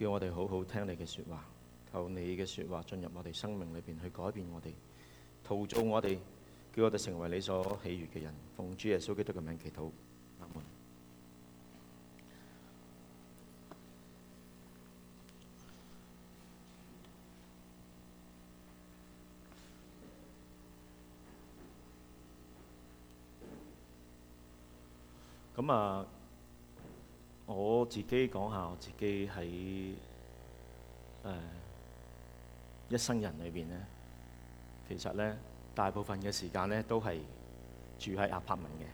叫我哋好好聽你嘅說話，靠你嘅說話進入我哋生命裏邊去改變我哋，陶造我哋，叫我哋成為你所喜悅嘅人。奉主耶穌基督嘅名祈禱，阿門。咁啊。我自己講下我自己喺誒、呃、一生人裏邊咧，其實咧大部分嘅時間咧都係住喺 apartment 嘅，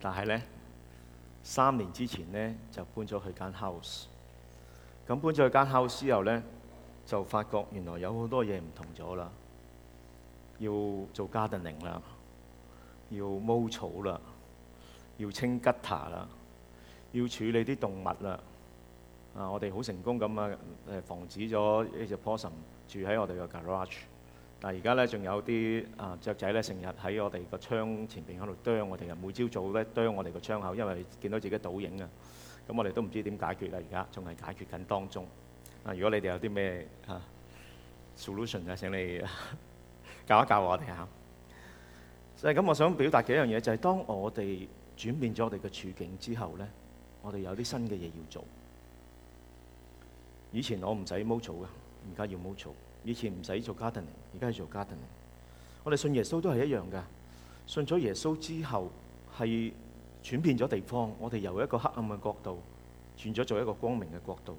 但係咧三年之前咧就搬咗去間 house。咁搬咗去間 house 之後咧，就發覺原來有好多嘢唔同咗啦，要做 gardening 啦，要毛草啦，要清吉塔啦。要處理啲動物啦啊！我哋好成功咁啊，誒防止咗呢隻 possum 住喺我哋個 garage。但係而家咧仲有啲啊雀仔咧，成日喺我哋個窗前邊喺度啄我哋啊！每朝早咧啄我哋個窗口，因為見到自己倒影啊。咁我哋都唔知點解決啦。而家仲係解決緊當中啊！如果你哋有啲咩啊 solution 啊，olution，請你 教一教我哋嚇。就係咁，我想表達嘅一樣嘢，就係、是、當我哋轉變咗我哋嘅處境之後咧。我哋有啲新嘅嘢要做。以前我唔使 mow 草嘅，而家要 mow 草。以前唔使做 gardening，而家要做 gardening。我哋信耶穌都係一樣嘅。信咗耶穌之後，係轉變咗地方。我哋由一個黑暗嘅國度，轉咗做一個光明嘅國度。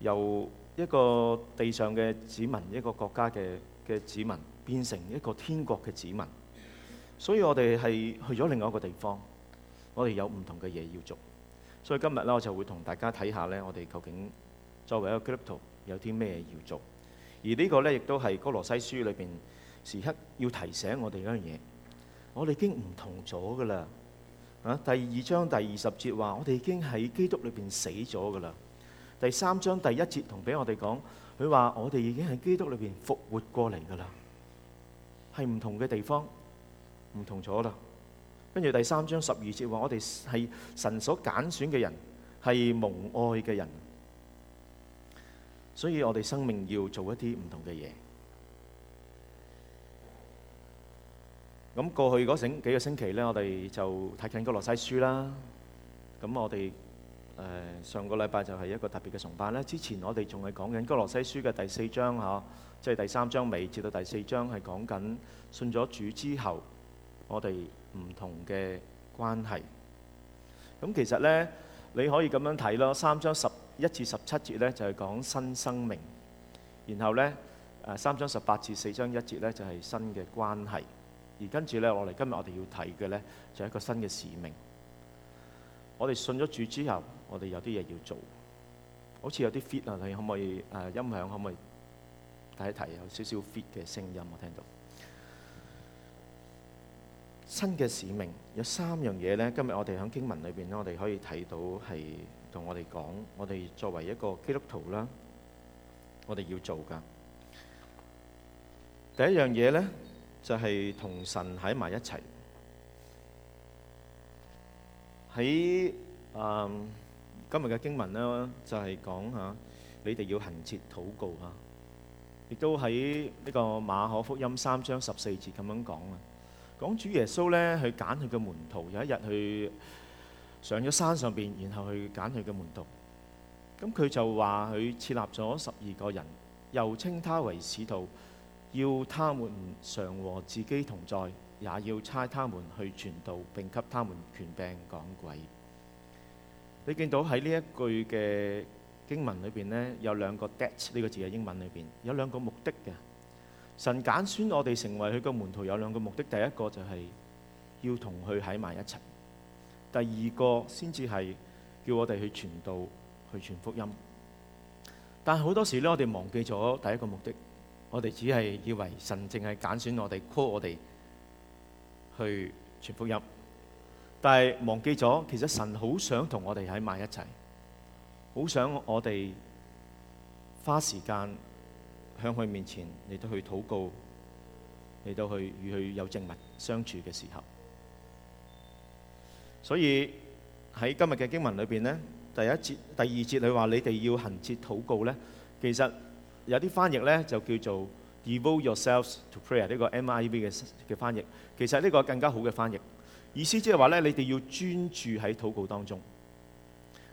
由一個地上嘅子民，一個國家嘅嘅子民，變成一個天國嘅子民。所以我哋係去咗另外一個地方。我哋有唔同嘅嘢要做，所以今日咧，我就會同大家睇下咧，我哋究竟作為一個基督徒有啲咩要做。而呢個咧亦都係哥羅西書裏邊時刻要提醒我哋一樣嘢。我哋已經唔同咗噶啦，第二章第二十節話，我哋已經喺基督裏邊死咗噶啦。第三章第一節同俾我哋講，佢話我哋已經喺基督裏邊復活過嚟噶啦，係唔同嘅地方，唔同咗啦。跟住第三章十二節話，我哋係神所揀選嘅人，係蒙愛嘅人，所以我哋生命要做一啲唔同嘅嘢。咁過去嗰幾個星期呢，我哋就睇緊哥羅西書啦。咁我哋誒上個禮拜就係一個特別嘅崇拜咧。之前我哋仲係講緊哥羅西書嘅第四章嚇，即係第三章尾至到第四章係講緊信咗主之後我哋唔同嘅關係，咁其實呢，你可以咁樣睇咯。三章十一至十七節呢，就係講新生命，然後呢，誒三章十八至四章一節呢，就係新嘅關係，而跟住呢，我哋今日我哋要睇嘅呢，就係一個新嘅使命。我哋信咗主之後，我哋有啲嘢要做，好似有啲 fit 啊！你可唔可以誒音響可唔可以睇一睇有少少 fit 嘅聲音？我聽到。新嘅使命有三樣嘢，呢，今日我哋喺經文裏邊咧，我哋可以睇到係同我哋講，我哋作為一個基督徒啦，我哋要做噶，第一樣嘢呢，就係、是、同神喺埋一齊。喺、嗯、今日嘅經文呢，就係講吓你哋要恆切禱告嚇，亦都喺呢個馬可福音三章十四節咁樣講啊。講主耶穌咧，去揀佢嘅門徒，有一日去上咗山上邊，然後去揀佢嘅門徒。咁、嗯、佢就話：佢設立咗十二個人，又稱他為使徒，要他們常和自己同在，也要差他們去傳道，並給他們權柄講鬼。你見到喺呢一句嘅經文裏邊呢，有兩個 that 呢個字嘅英文裏邊，有兩個目的嘅。神揀選，選我哋成為佢個門徒，有兩個目的，第一個就係要同佢喺埋一齊，第二個先至係叫我哋去傳道、去傳福音。但係好多時咧，我哋忘記咗第一個目的，我哋只係以為神淨係揀選我哋 call 我哋去傳福音，但係忘記咗，其實神好想同我哋喺埋一齊，好想我哋花時間。向佢面前，你都去禱告，你都去與佢有證物相處嘅時候。所以喺今日嘅經文裏邊咧，第一節、第二節你話你哋要恆切禱告咧，其實有啲翻譯咧就叫做 devote yourselves to prayer，呢個 NIV 嘅嘅翻譯，其實呢個更加好嘅翻譯，意思即係話咧，你哋要專注喺禱告當中，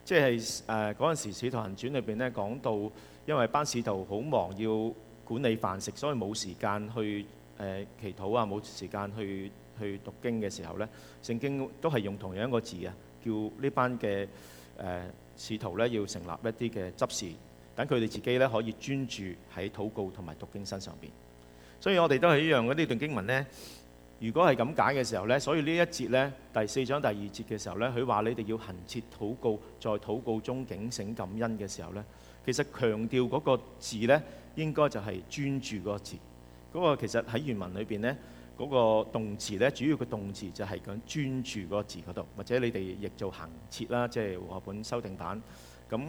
即係誒嗰陣時《使徒行傳》裏邊咧講到。因為班使徒好忙，要管理飯食，所以冇時間去誒、呃、祈禱啊，冇時間去去讀經嘅時候呢，聖經都係用同樣一個字啊，叫班、呃、呢班嘅誒使徒咧要成立一啲嘅執事，等佢哋自己咧可以專注喺禱告同埋讀經身上邊。所以我哋都係一樣嗰呢段經文呢，如果係咁解嘅時候呢，所以呢一節呢，第四章第二節嘅時候呢，佢話你哋要恆切禱告，在禱告中警醒感恩嘅時候呢。其實強調嗰個字呢，應該就係專注嗰個字。嗰個其實喺原文裏邊呢，嗰、嗰個動詞呢，主要嘅動詞就係講專注嗰個字嗰度，或者你哋譯做恆切啦，即係《和合本》修訂版。咁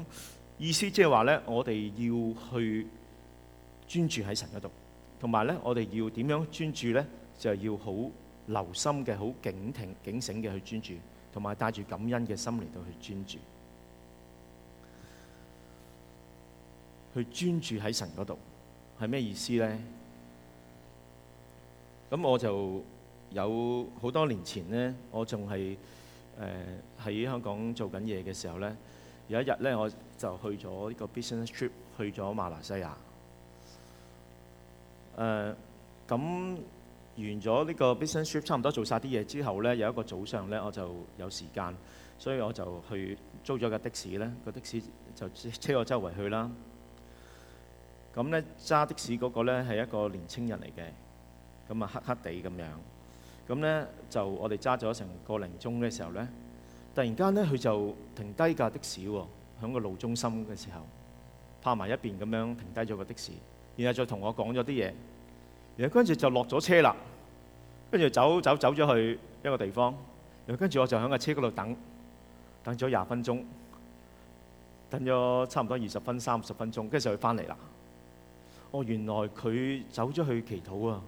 意思即係話呢，我哋要去專注喺神嗰度，同埋呢，我哋要點樣專注呢？就係要好留心嘅、好警惕、警醒嘅去專注，同埋帶住感恩嘅心嚟到去專注。去專注喺神嗰度係咩意思咧？咁我就有好多年前咧，我仲係誒喺香港做緊嘢嘅時候咧。有一日咧，我就去咗呢個 business trip，去咗馬來西亞誒。咁、呃、完咗呢個 business trip，差唔多做晒啲嘢之後咧，有一個早上咧，我就有時間，所以我就去租咗架的士咧，個的士就車我周圍去啦。咁咧揸的士嗰個咧係一個年青人嚟嘅，咁啊黑黑地咁樣。咁咧就我哋揸咗成個零鐘嘅時候咧，突然間咧佢就停低架的士喎，喺個路中心嘅時候，拍埋一邊咁樣停低咗個的士，然後再同我講咗啲嘢，然後跟住就落咗車啦，跟住走走走咗去一個地方，然後跟住我就喺架車嗰度等，等咗廿分鐘，等咗差唔多二十分、三十分鐘，跟住就佢翻嚟啦。哦，原來佢走咗去祈禱啊！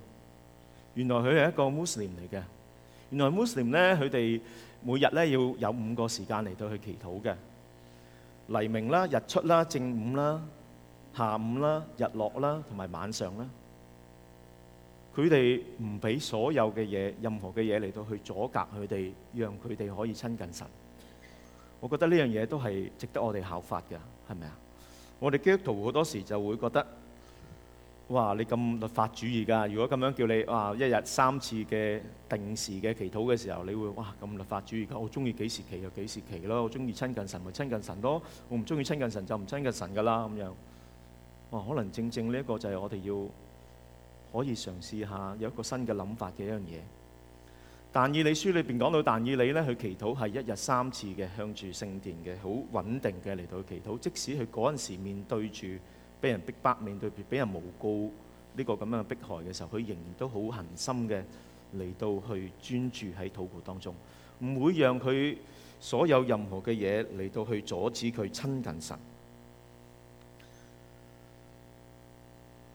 原來佢係一個 Muslim 嚟嘅。原來 Muslim 咧，佢哋每日咧要有五個時間嚟到去祈禱嘅，黎明啦、日出啦、正午啦、下午啦、日落啦同埋晚上啦。佢哋唔俾所有嘅嘢、任何嘅嘢嚟到去阻隔佢哋，讓佢哋可以親近神。我覺得呢樣嘢都係值得我哋效法嘅，係咪啊？我哋基督徒好多時就會覺得。哇！你咁律法主義㗎？如果咁樣叫你哇，一日三次嘅定時嘅祈禱嘅時候，你會哇咁律法主義㗎？我中意幾時祈就幾時祈咯，我中意親近神咪親近神咯，我唔中意親近神就唔親近神㗎啦咁樣。哇！可能正正呢一個就係我哋要可以嘗試下有一個新嘅諗法嘅一樣嘢。但以理書裏邊講到但以理咧，佢祈禱係一日三次嘅向住聖殿嘅好穩定嘅嚟到祈禱，即使佢嗰陣時面對住。俾人逼迫面對，俾人誣告呢個咁樣嘅迫害嘅時候，佢仍然都好恆心嘅嚟到去專注喺禱告當中，唔會讓佢所有任何嘅嘢嚟到去阻止佢親近神。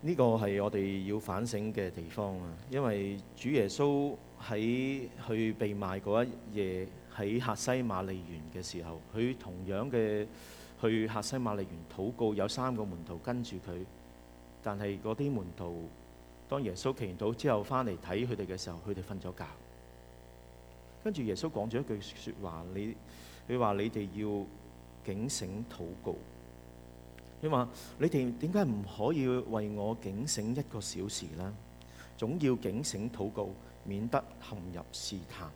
呢個係我哋要反省嘅地方啊！因為主耶穌喺佢被賣嗰一夜喺客西馬利園嘅時候，佢同樣嘅。去客西馬利園禱告，有三個門徒跟住佢，但係嗰啲門徒當耶穌祈完禱之後，翻嚟睇佢哋嘅時候，佢哋瞓咗覺。跟住耶穌講咗一句說話：說你你話你哋要警醒禱告。你話你哋點解唔可以為我警醒一個小時呢？總要警醒禱告，免得陷入試探。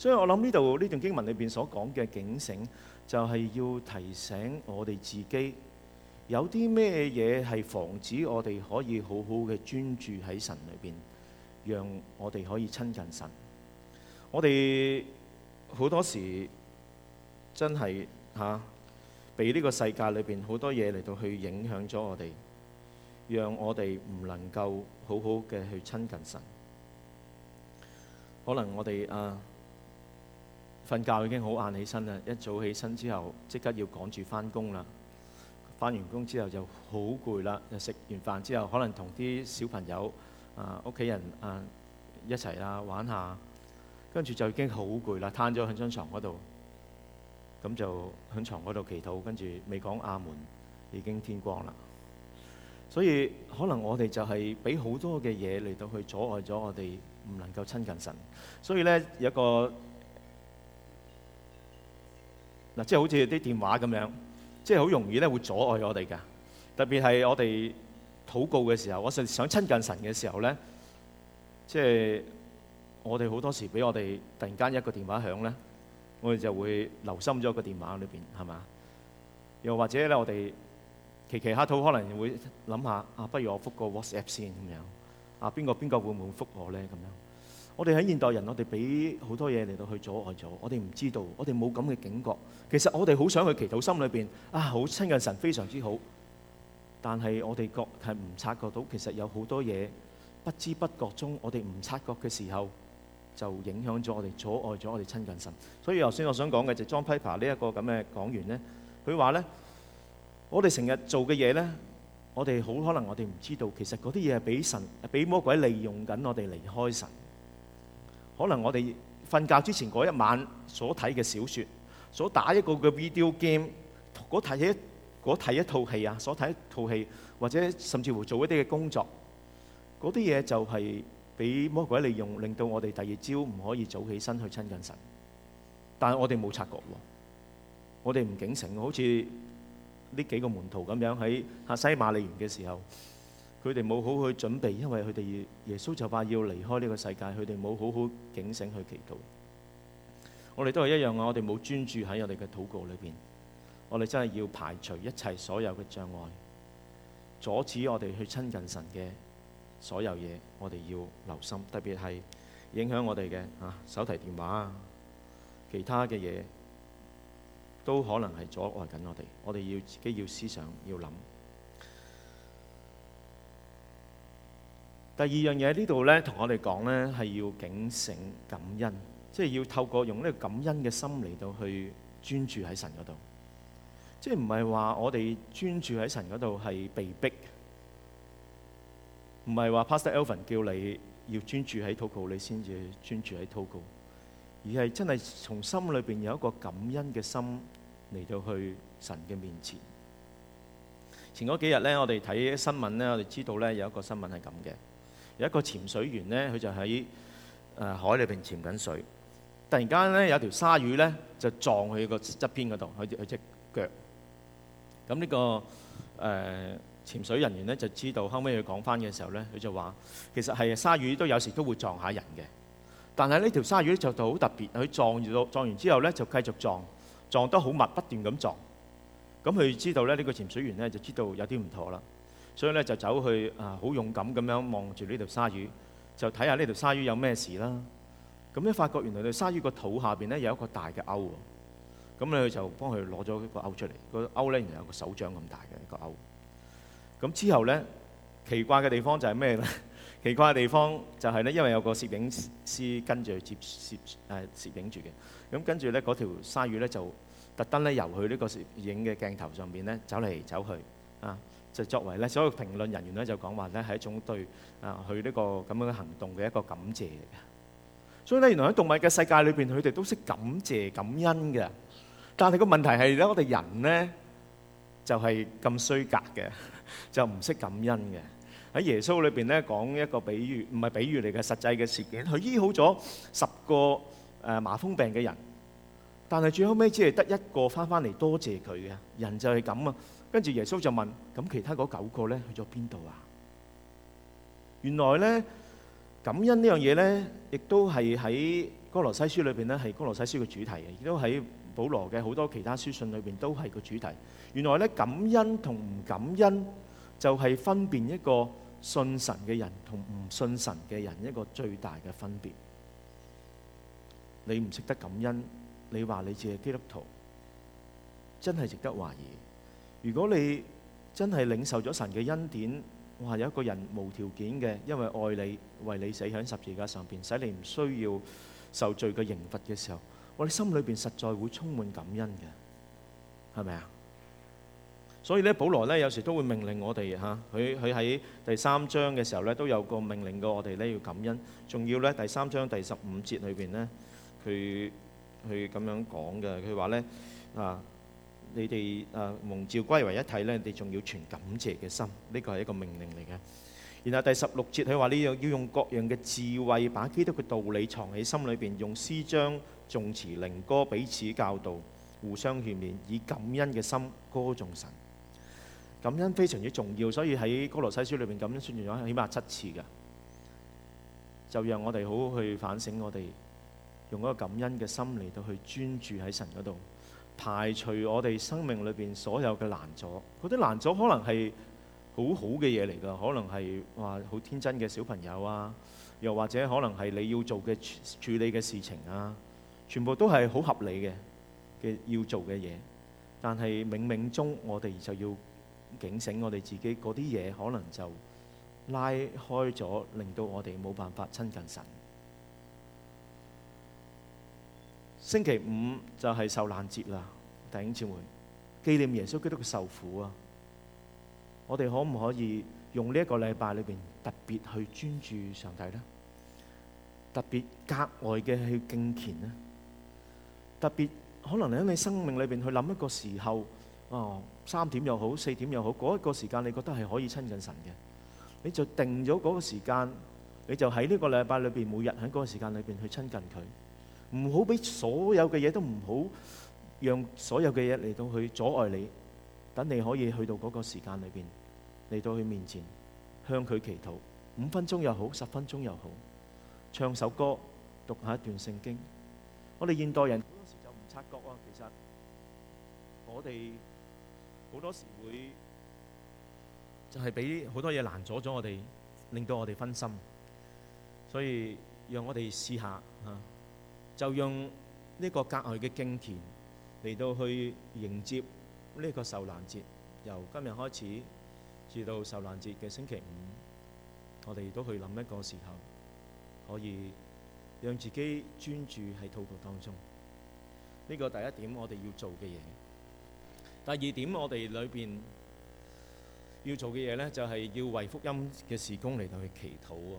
所以我諗，呢度呢段經文裏邊所講嘅警醒，就係要提醒我哋自己有啲咩嘢係防止我哋可以好好嘅專注喺神裏邊，讓我哋可以親近神。我哋好多時真係吓俾呢個世界裏邊好多嘢嚟到去影響咗我哋，讓我哋唔能夠好好嘅去親近神。可能我哋啊～瞓覺已經好晏起身啦，一早起身之後即刻要趕住翻工啦。翻完工之後就好攰啦，食完飯之後可能同啲小朋友啊、屋企人啊、呃、呃、一齊啦玩下，跟住就已經好攰啦，攤咗喺張床嗰度，咁就喺床嗰度祈禱，跟住未講阿門，已經天光啦。所以可能我哋就係俾好多嘅嘢嚟到去阻礙咗我哋唔能夠親近神，所以呢，有一個。即係好似啲電話咁樣，即係好容易咧會阻礙我哋噶。特別係我哋禱告嘅時候，我哋想親近神嘅時候咧，即係我哋好多時俾我哋突然間一個電話響咧，我哋就會留心咗個電話裏邊係嘛？又或者咧，我哋祈祈下禱可能會諗下啊，不如我覆個 WhatsApp 先咁樣，啊，邊個邊個會唔會覆我咧咁樣。我哋喺現代人，我哋俾好多嘢嚟到去阻礙咗。我哋唔知道，我哋冇咁嘅警覺。其實我哋好想去祈禱，心裏邊啊，好親近神，非常之好。但係我哋覺係唔察覺到，其實有好多嘢不知不覺中，我哋唔察覺嘅時候就影響咗我哋，阻礙咗我哋親近神。所以頭先我想講嘅就 John Piper 呢一個咁嘅講員呢，佢話呢：「我哋成日做嘅嘢呢，我哋好可能我哋唔知道，其實嗰啲嘢係俾神係俾魔鬼利用緊，我哋離開神。可能我哋瞓覺之前嗰一晚所睇嘅小説，所打一個嘅 video game，嗰睇一嗰睇一套戲啊，所睇一套戲，或者甚至乎做一啲嘅工作，嗰啲嘢就係俾魔鬼利用，令到我哋第二朝唔可以早起身去親近神，但係我哋冇察覺喎，我哋唔警醒，好似呢幾個門徒咁樣喺客西馬尼園嘅時候。佢哋冇好好去準備，因為佢哋要耶穌就怕要離開呢個世界，佢哋冇好好警醒去祈禱。我哋都係一樣啊！我哋冇專注喺我哋嘅禱告裏邊，我哋真係要排除一切所有嘅障礙，阻止我哋去親近神嘅所有嘢。我哋要留心，特別係影響我哋嘅啊手提電話啊，其他嘅嘢都可能係阻礙緊我哋。我哋要自己要思想，要諗。第二樣嘢喺呢度咧，同我哋講咧，係要警醒感恩，即係要透過用呢個感恩嘅心嚟到去專注喺神嗰度，即係唔係話我哋專注喺神嗰度係被逼，唔係話 Pastor Alvin 叫你要專注喺禱告，你先至專注喺禱告，而係真係從心裏邊有一個感恩嘅心嚟到去神嘅面前。前嗰幾日咧，我哋睇新聞咧，我哋知道咧有一個新聞係咁嘅。有一個潛水員咧，佢就喺誒、呃、海裏邊潛緊水。突然間咧，有條鯊魚咧就撞佢、個側邊嗰度，佢佢隻腳。咁呢個誒潛水人員咧就知道，後尾佢講翻嘅時候咧，佢就話：其實係鯊魚都有時都會撞下人嘅。但係呢條鯊魚就到好特別，佢撞住撞完之後咧就繼續撞，撞得好密，不斷咁撞。咁佢知道咧，呢、個潛水員咧就知道有啲唔妥啦。所以咧就走去啊，好勇敢咁樣望住呢條鯊魚，就睇下呢條鯊魚有咩事啦。咁咧發覺原來條鯊魚個肚下邊咧有一個大嘅鈎喎。咁咧佢就幫佢攞咗一個鈎出嚟。個鈎咧原來有個手掌咁大嘅一個鈎。咁之後咧奇怪嘅地方就係咩咧？ 奇怪嘅地方就係咧，因為有個攝影師跟住去攝攝誒、啊、攝影住嘅。咁跟住咧嗰條鯊魚咧就特登咧遊去呢個攝影嘅鏡頭上邊咧走嚟走去啊。就作為咧，所有評論人員咧就講話咧，係一種對啊，佢呢個咁樣嘅行動嘅一個感謝嚟嘅。所以咧，原來喺動物嘅世界裏邊，佢哋都識感謝感恩嘅。但係個問題係咧，我哋人咧就係咁衰格嘅，就唔識感恩嘅。喺耶穌裏邊咧講一個比喻，唔係比喻嚟嘅，實際嘅事件，佢醫好咗十個誒麻風病嘅人，但係最後尾只係得一個翻翻嚟多謝佢嘅。人就係咁啊！跟住耶穌就問：咁其他嗰九個咧去咗邊度啊？原來咧感恩呢樣嘢咧，亦都係喺《哥羅西書》裏邊咧，係《哥羅西書》嘅主題嘅，亦都喺保羅嘅好多其他書信裏邊都係個主題。原來咧感恩同唔感恩就係分辨一個信神嘅人同唔信神嘅人一個最大嘅分別。你唔識得感恩，你話你自己基督徒，真係值得懷疑。如果你真係領受咗神嘅恩典，話有一個人無條件嘅，因為愛你，為你死喺十字架上邊，使你唔需要受罪嘅刑罰嘅時候，我哋心裏邊實在會充滿感恩嘅，係咪啊？所以咧，保羅咧有時都會命令我哋嚇，佢佢喺第三章嘅時候咧都有個命令過我哋咧要感恩，仲要咧第三章第十五節裏邊咧，佢佢咁樣講嘅，佢話咧啊。你哋誒蒙召歸為一體咧，你哋仲要存感謝嘅心，呢個係一個命令嚟嘅。然後第十六節佢話：你用要用各樣嘅智慧，把基督嘅道理藏喺心裏邊，用詩章、頌詞、靈歌彼此教導，互相勸勉，以感恩嘅心歌頌神。感恩非常之重要，所以喺哥羅西書裏邊感恩出現咗起碼七次嘅，就讓我哋好好去反省我哋用嗰個感恩嘅心嚟到去專注喺神嗰度。排除我哋生命裏邊所有嘅難阻，嗰啲難阻可能係好好嘅嘢嚟㗎，可能係話好天真嘅小朋友啊，又或者可能係你要做嘅處理嘅事情啊，全部都係好合理嘅嘅要做嘅嘢，但係冥冥中我哋就要警醒我哋自己，嗰啲嘢可能就拉開咗，令到我哋冇辦法親近神。星期五就是受難節,弟兄姊妹,紀念耶穌基督的受苦。我們可不可以用這個禮拜裏面,特別去專注上帝?特別格外的去敬虔?特別,可能喺你生命裏面去諗一個時候,三點又好,四點又好,那一個時間你覺得是可以親近神的。你就定了那個時間,你就在這個禮拜裏面,每日在那個時間裏面去親近佢。唔好俾所有嘅嘢都唔好，讓所有嘅嘢嚟到去阻礙你。等你可以去到嗰個時間裏邊，嚟到佢面前向佢祈禱，五分鐘又好，十分鐘又好，唱首歌，讀下一段聖經。我哋現代人好多時就唔察覺啊，其實我哋好多時會就係俾好多嘢攔阻咗我哋，令到我哋分心，所以讓我哋試下啊。就用呢個格外嘅敬虔嚟到去迎接呢個受難節，由今日開始至到受難節嘅星期五，我哋都去諗一個時候，可以讓自己專注喺禱告當中。呢個第一點，我哋要做嘅嘢。第二點，我哋裏邊要做嘅嘢呢，就係、是、要為福音嘅事工嚟到去祈禱喎。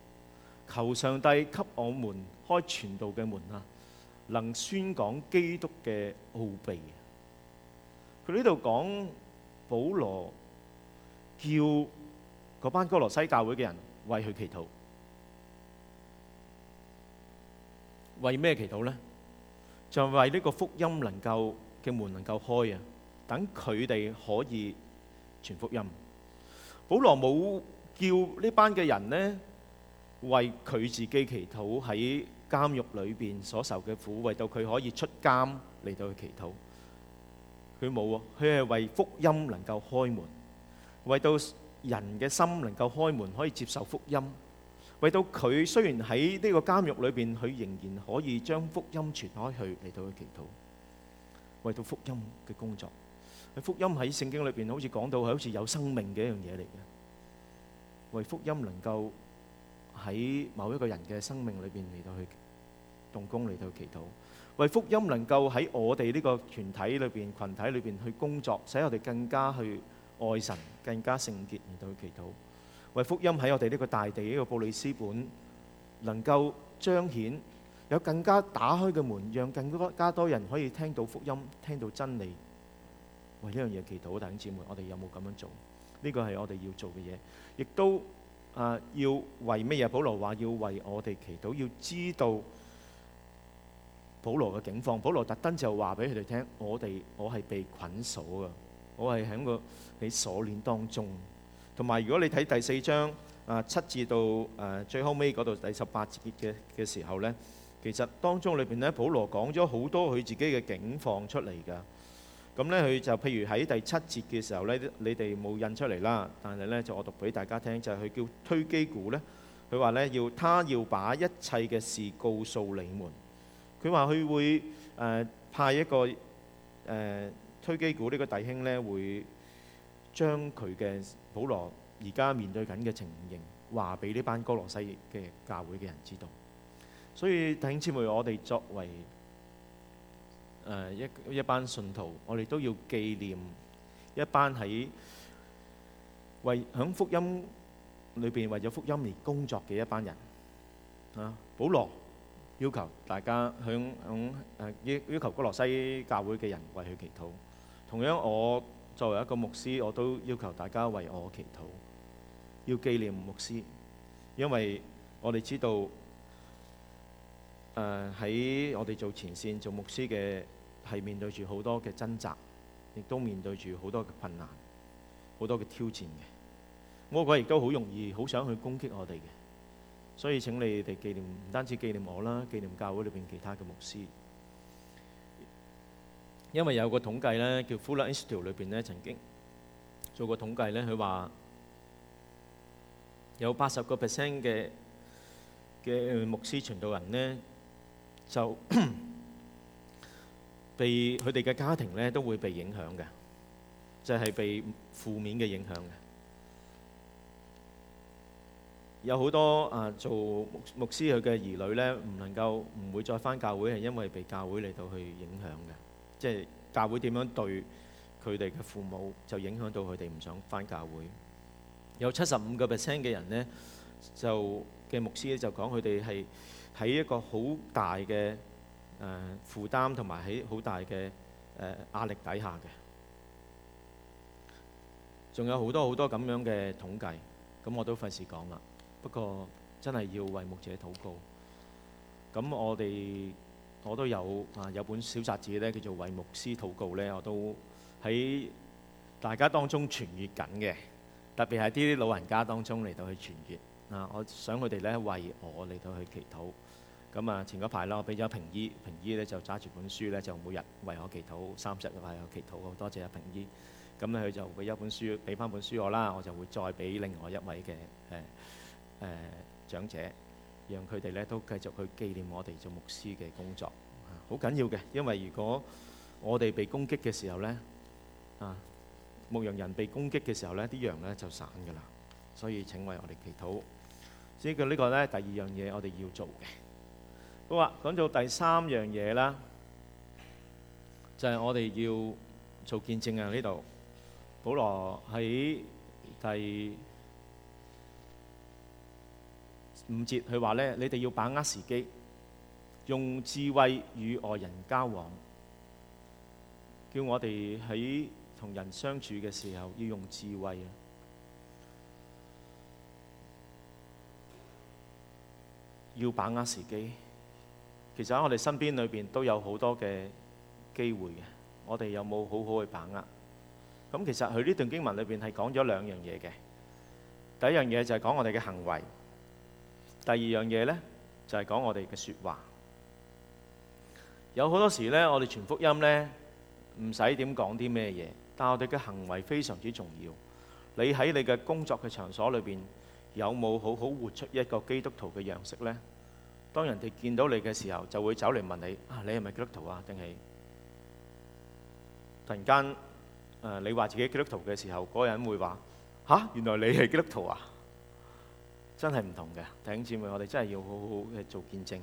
求上帝給我們開傳道嘅門啊，能宣講基督嘅奧秘。佢呢度講，保羅叫嗰班哥羅西教會嘅人為佢祈禱，為咩祈禱咧？就係為呢個福音能夠嘅門能夠開啊，等佢哋可以傳福音。保羅冇叫呢班嘅人咧。為佢自己祈禱，喺監獄裏邊所受嘅苦，為到佢可以出監嚟到去祈禱。佢冇啊，佢係為福音能夠開門，為到人嘅心能夠開門，可以接受福音。為到佢雖然喺呢個監獄裏邊，佢仍然可以將福音傳開去嚟到去祈禱。為到福音嘅工作，喺福音喺聖經裏邊好似講到，係好似有生命嘅一樣嘢嚟嘅。為福音能夠。喺某一個人嘅生命裏邊嚟到去動工嚟到去祈禱，為福音能夠喺我哋呢個團體裏邊、群體裏邊去工作，使我哋更加去愛神、更加聖潔嚟到去祈禱。為福音喺我哋呢個大地呢個布里斯本，能夠彰顯有更加打開嘅門，讓更加多、加多人可以聽到福音、聽到真理。為呢樣嘢祈禱，弟兄姊妹，我哋有冇咁樣做？呢個係我哋要做嘅嘢，亦都。啊！要為乜嘢？保羅話要為我哋祈禱，要知道保羅嘅境況。保羅特登就話俾佢哋聽：我哋我係被捆鎖嘅，我係喺、個喺鎖鏈當中。同埋，如果你睇第四章啊七至到啊最後尾嗰度第十八節嘅嘅時候咧，其實當中裏邊咧，保羅講咗好多佢自己嘅境況出嚟㗎。咁咧，佢就譬如喺第七節嘅時候咧，你哋冇印出嚟啦，但係咧就我讀俾大家聽，就係佢叫推基古咧，佢話咧要他要把一切嘅事告訴你們。佢話佢會誒派一個誒推基古呢個弟兄咧，會將佢嘅保羅而家面對緊嘅情形話俾呢班哥羅西嘅教會嘅人知道。所以弟兄姊妹，我哋作為一班信徒，我哋都要紀念一班喺福音裏面，為咗福音而工作嘅一班人。保羅要求大家，誒，喺我哋做前線做牧師嘅，係面對住好多嘅掙扎，亦都面對住好多嘅困難，好多嘅挑戰嘅。魔鬼亦都好容易，好想去攻擊我哋嘅。所以請你哋紀念，唔單止紀念我啦，紀念教會裏邊其他嘅牧師。因為有個統計咧，叫 Fuller Institute 裏邊咧曾經做過統計咧，佢話有八十個 percent 嘅嘅牧師傳道人咧。就被佢哋嘅家庭咧，都會被影響嘅，就係、是、被負面嘅影響嘅。有好多啊，做牧牧師佢嘅兒女咧，唔能夠唔會再翻教會，係因為被教會嚟到去影響嘅。即、就、係、是、教會點樣對佢哋嘅父母，就影響到佢哋唔想翻教會。有七十五個 percent 嘅人咧，就嘅牧師咧就講佢哋係，喺一個好大嘅誒、呃、負擔，同埋喺好大嘅誒、呃、壓力底下嘅，仲有好多好多咁樣嘅統計，咁我都費事講啦。不過真係要為牧者禱告。咁我哋我都有啊，有本小冊子咧，叫做《為牧師禱告》咧，我都喺大家當中傳閱緊嘅，特別係啲老人家當中嚟到去傳閱。啊！我想佢哋咧為我嚟到去祈禱。咁啊，前嗰排啦，我俾咗平姨，平姨咧就揸住本書咧，就每日為我祈禱三十日，為我祈禱。好多謝阿平姨。咁咧，佢就俾一本書，俾翻本書我啦，我就會再俾另外一位嘅誒誒長者，讓佢哋咧都繼續去紀念我哋做牧師嘅工作。好緊要嘅，因為如果我哋被攻擊嘅時候咧，啊牧羊人被攻擊嘅時候咧，啲羊咧就散㗎啦。所以請為我哋祈禱。即係呢個咧，第二樣嘢我哋要做嘅。好啊，講到第三樣嘢啦，就係、是、我哋要做見證啊！呢度，保羅喺第五節佢話咧：你哋要把握時機，用智慧與外人交往。叫我哋喺同人相處嘅時候要用智慧啊！要把握時機，其實喺我哋身邊裏邊都有好多嘅機會嘅。我哋有冇好好去把握？咁其實佢呢段經文裏邊係講咗兩樣嘢嘅。第一樣嘢就係講我哋嘅行為；第二樣嘢咧就係講我哋嘅説話。有好多時咧，我哋傳福音咧唔使點講啲咩嘢，但我哋嘅行為非常之重要。你喺你嘅工作嘅場所裏邊有冇好好活出一個基督徒嘅樣式咧？當人哋見到你嘅時候，就會走嚟問你：啊，你係咪基督徒啊？定係突然間誒，你話自己基督徒嘅時候，嗰個人會話：嚇，原來你係基督徒啊！真係唔同嘅，弟兄姊妹，我哋真係要好好嘅做見證。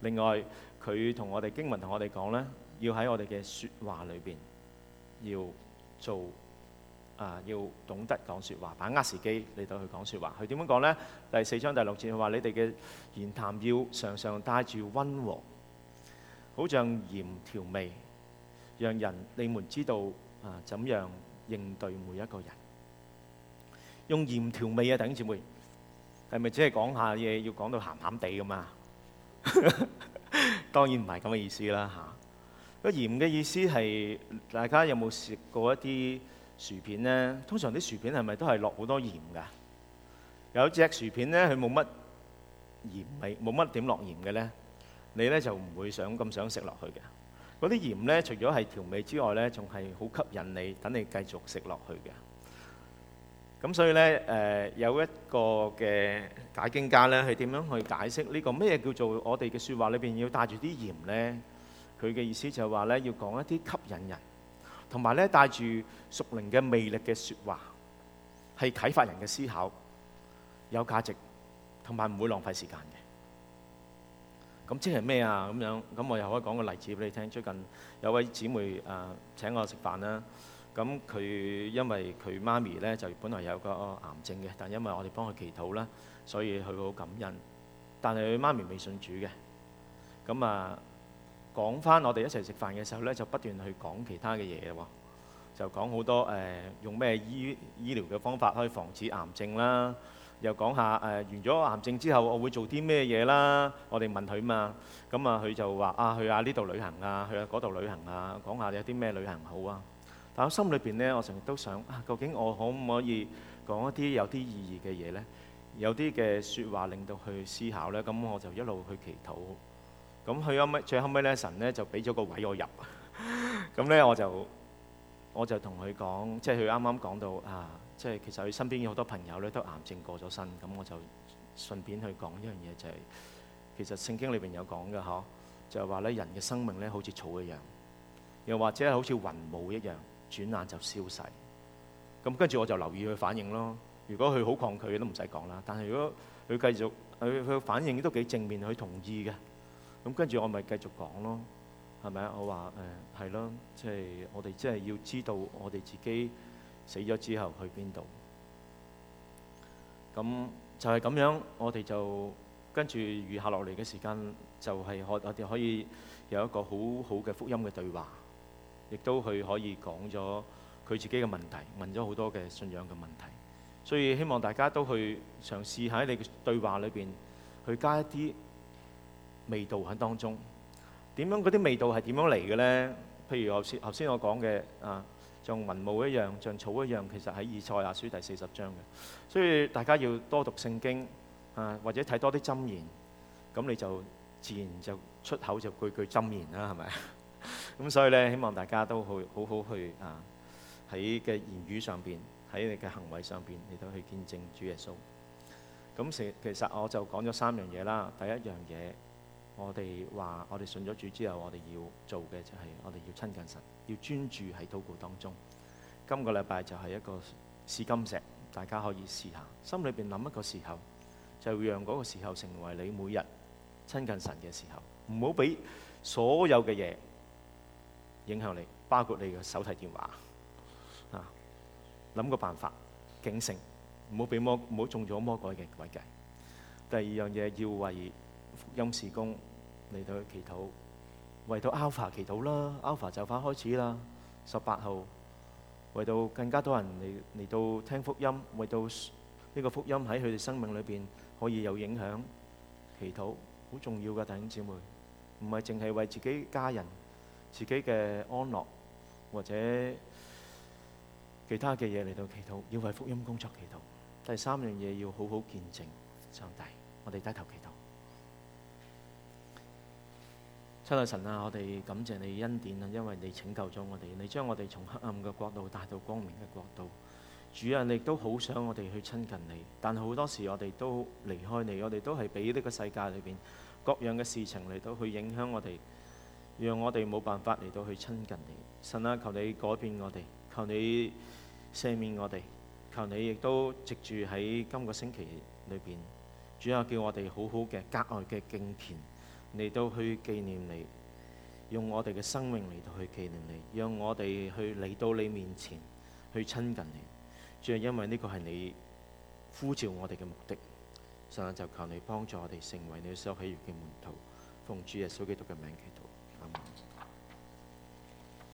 另外，佢同我哋經文同我哋講咧，要喺我哋嘅説話裏邊要做。啊！要懂得講説話，把握時機嚟到去講説話。佢點樣講咧？第四章第六節佢話：你哋嘅言談要常常帶住溫和，好像鹽調味，讓人你們知道啊，怎樣應對每一個人。用鹽調味啊，弟兄姊妹，係咪只係講下嘢要講到鹹鹹地咁啊？當然唔係咁嘅意思啦，嚇。個鹽嘅意思係大家有冇食過一啲薯片呢，通常啲薯片係咪都係落好多鹽㗎？有隻薯片呢，佢冇乜鹽味，冇乜點落鹽嘅呢，你呢就唔會想咁想食落去嘅。嗰啲鹽呢，除咗係調味之外呢，仲係好吸引你，等你繼續食落去嘅。咁所以呢，誒有一個嘅解經家呢，係點樣去解釋呢個咩叫做我哋嘅説話裏邊要帶住啲鹽呢？佢嘅意思就係話呢，要講一啲吸引人。同埋咧，帶住熟靈嘅魅力嘅説話，係啟發人嘅思考，有價值，同埋唔會浪費時間嘅。咁即係咩啊？咁樣，咁我又可以講個例子俾你聽。最近有位姊妹啊、呃、請我食飯啦。咁、啊、佢因為佢媽咪咧就本來有個癌症嘅，但因為我哋幫佢祈禱啦，所以佢好感恩。但係佢媽咪未信主嘅。咁啊～講翻我哋一齊食飯嘅時候呢，就不斷去講其他嘅嘢喎，就講好多誒用咩醫醫療嘅方法可以防止癌症啦，又講下誒完咗癌症之後我會做啲咩嘢啦，我哋問佢嘛，咁啊佢就話啊去下呢度旅行啊，去下嗰度旅行啊，講下有啲咩旅行好啊。但我心裏邊呢，我成日都想啊，究竟我可唔可以講一啲有啲意義嘅嘢呢？有啲嘅説話令到佢去思考呢，咁我就一路去祈禱。咁佢後尾最後尾咧，神咧就俾咗個位我入。咁咧我就我就同佢講，即係佢啱啱講到啊，即係其實佢身邊有好多朋友咧都癌症過咗身。咁我就順便去講一樣嘢，就係其實聖經裏邊有講嘅呵，就係話咧人嘅生命咧好似草一樣，又或者好似雲霧一樣，轉眼就消逝。咁跟住我就留意佢反應咯。如果佢好抗拒都唔使講啦。但係如果佢繼續佢佢，反應都幾正面，佢同意嘅。咁跟住我咪繼續講咯，係咪啊？我話誒係咯，即、嗯、係、就是、我哋即係要知道我哋自己死咗之後去邊度。咁就係咁樣，我哋就跟住餘下落嚟嘅時間，就係、是、我我哋可以有一個好好嘅福音嘅對話，亦都去可以講咗佢自己嘅問題，問咗好多嘅信仰嘅問題。所以希望大家都去嘗試喺你嘅對話裏邊去加一啲味道喺當中，點樣嗰啲味道係點樣嚟嘅呢？譬如頭先先我講嘅啊，像雲霧一樣，像草一樣，其實喺《以賽亞書》第四十章嘅，所以大家要多讀聖經啊，或者睇多啲箴言，咁你就自然就出口就句句箴言啦，係咪？咁 所以咧，希望大家都去好，好好去啊，喺嘅言語上邊，喺你嘅行為上邊，你都去見證主耶穌。咁其實我就講咗三樣嘢啦，第一樣嘢。我哋話，我哋信咗主之後，我哋要做嘅就係我哋要親近神，要專注喺禱告當中。今個禮拜就係一個試金石，大家可以試下。心裏邊諗一個時候，就讓嗰個時候成為你每日親近神嘅時候。唔好俾所有嘅嘢影響你，包括你嘅手提電話啊。諗個辦法，警醒，唔好俾魔，唔好中咗魔鬼嘅鬼計。第二樣嘢要為。福音事工嚟到祈禱，為到 Alpha 祈禱啦。Alpha 就快開始啦，十八號。為到更加多人嚟嚟到聽福音，為到呢個福音喺佢哋生命裏邊可以有影響。祈禱好重要㗎，弟兄姊妹，唔係淨係為自己家人、自己嘅安樂或者其他嘅嘢嚟到祈禱，要為福音工作祈禱。第三樣嘢要好好見證上帝。我哋低頭祈禱。親愛的神啊，我哋感謝你恩典啊，因為你拯救咗我哋，你將我哋從黑暗嘅國度帶到光明嘅國度。主啊，你亦都好想我哋去親近你，但好多時我哋都離開你，我哋都係俾呢個世界裏邊各樣嘅事情嚟到去影響我哋，讓我哋冇辦法嚟到去親近你。神啊，求你改變我哋，求你赦免我哋，求你亦都藉住喺今個星期裏邊，主啊，叫我哋好好嘅格外嘅敬虔。嚟到去紀念你，用我哋嘅生命嚟到去紀念你，讓我哋去嚟到你面前，去親近你。主要因為呢個係你呼召我哋嘅目的。神啊，就求你幫助我哋成為你所喜悅嘅門徒。奉主耶穌基督嘅名祈禱。